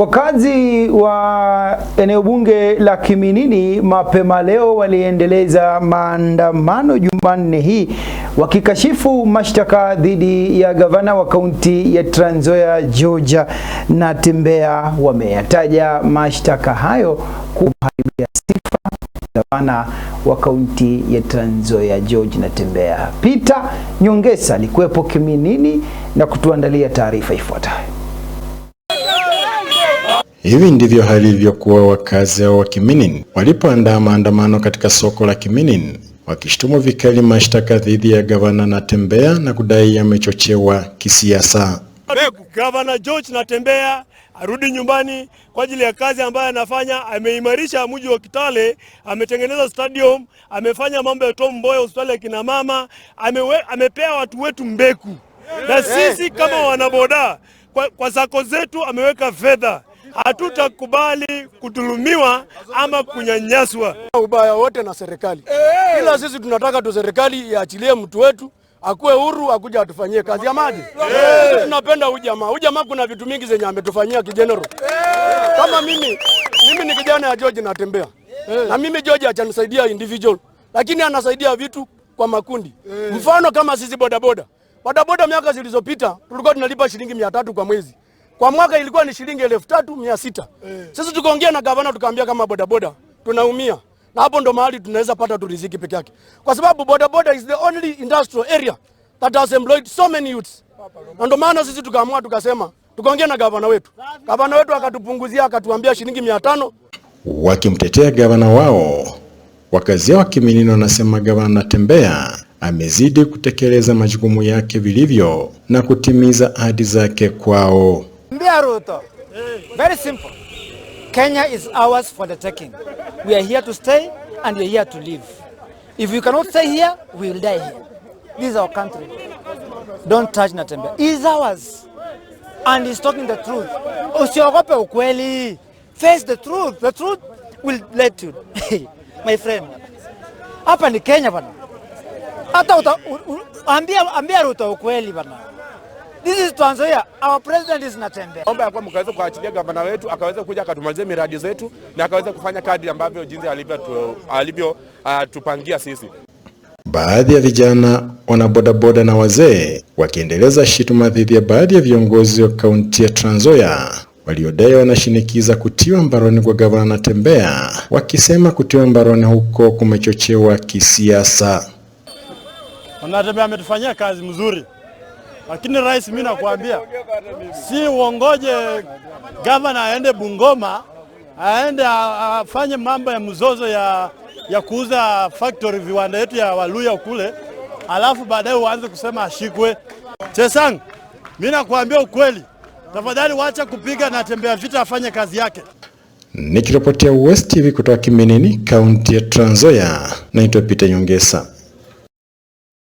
Wakazi wa eneo bunge la Kiminini mapema leo waliendeleza maandamano Jumanne hii wakikashifu mashtaka dhidi ya gavana wa kaunti ya Trans Nzoia George Natembeya. Wameyataja mashtaka hayo kuharibia sifa gavana wa kaunti ya Trans Nzoia George Natembeya. Peter Nyongesa alikuwepo Kiminini na kutuandalia taarifa ifuatayo. Hivi ndivyo hali ilivyokuwa wakazi hao wa Kiminin walipoandaa maandamano katika soko la Kiminin wakishtumu vikali mashtaka dhidi ya gavana Natembeya na kudai yamechochewa kisiasa. Gavana George Natembeya arudi nyumbani kwa ajili ya kazi ambayo anafanya. Ameimarisha mji wa Kitale, ametengeneza stadium, amefanya mambo ya Tom Mboya, hospitali ya kina mama, amepea watu wetu mbeku, na sisi kama wanaboda kwa, kwa sako zetu ameweka fedha Hatutakubali kudhulumiwa ama kunyanyaswa ubaya wote na serikali, eh. kila sisi tunataka tu serikali iachilie mtu wetu akuwe huru akuja atufanyie kazi ya maji. Eh. Sisi tunapenda ujamaa. Ujamaa kuna vitu mingi zenye ametufanyia kijenero. Eh. Kama mimi, mimi ni kijana ya George natembea na mimi George achanisaidia individual, lakini anasaidia vitu kwa makundi. Mfano kama sisi bodaboda, bodaboda miaka zilizopita tulikuwa tunalipa shilingi mia tatu kwa mwezi. Kwa mwaka ilikuwa ni shilingi elfu tatu mia sita. Eh. Sisi tukaongea na gavana tukaambia kama bodaboda tunaumia. Na hapo ndo mahali tunaweza pata tu riziki peke yake. Kwa sababu bodaboda is the only industrial area that has employed so many youths. Na ndo maana sisi tukaamua tukasema tukaongea na gavana wetu. Gavana wetu akatupunguzia akatuambia shilingi mia tano. Wakimtetea gavana wao, wakazi wa Kiminino wanasema gavana Natembeya amezidi kutekeleza majukumu yake vilivyo na kutimiza ahadi zake kwao. Namwambia Ruto, very simple. Kenya is ours for the taking. We are here to stay and we are here to live. If we cannot stay here, we will die here. This is our country. Don't touch Natembeya. It's ours. And he's talking the truth. Usiogope ukweli. Face the truth. The truth will let you. My friend. Hapa ni Kenya bana. Hata ambia ambia Ruto ukweli bana. This is Tanzania. Our president is natembea. Omba ya kuwa mkaweze kuachilia gavana wetu akaweze kuja akatumalizie miradi zetu na akaweze kufanya kadri ambavyo jinsi alivyo ah, tupangia sisi. Baadhi ya vijana wanabodaboda na wazee wakiendeleza shituma dhidi ya baadhi ya viongozi wa kaunti ya Trans Nzoia waliodai wanashinikiza kutiwa mbaroni kwa gavana Natembeya, wakisema kutiwa mbaroni huko kumechochewa kisiasa. Natembeya ametufanyia kazi mzuri lakini rais, mimi nakwambia, si uongoje gavana aende Bungoma, aende afanye mambo ya mzozo ya, ya kuuza factory viwanda yetu ya Waluya kule, alafu baadaye uanze kusema ashikwe. Chesang, mimi nakwambia ukweli, tafadhali wacha kupiga na tembea vita, afanye kazi yake. Nikiripotia West TV kutoka Kiminini, kaunti ya Trans Nzoia, naitwa Peter Nyongesa.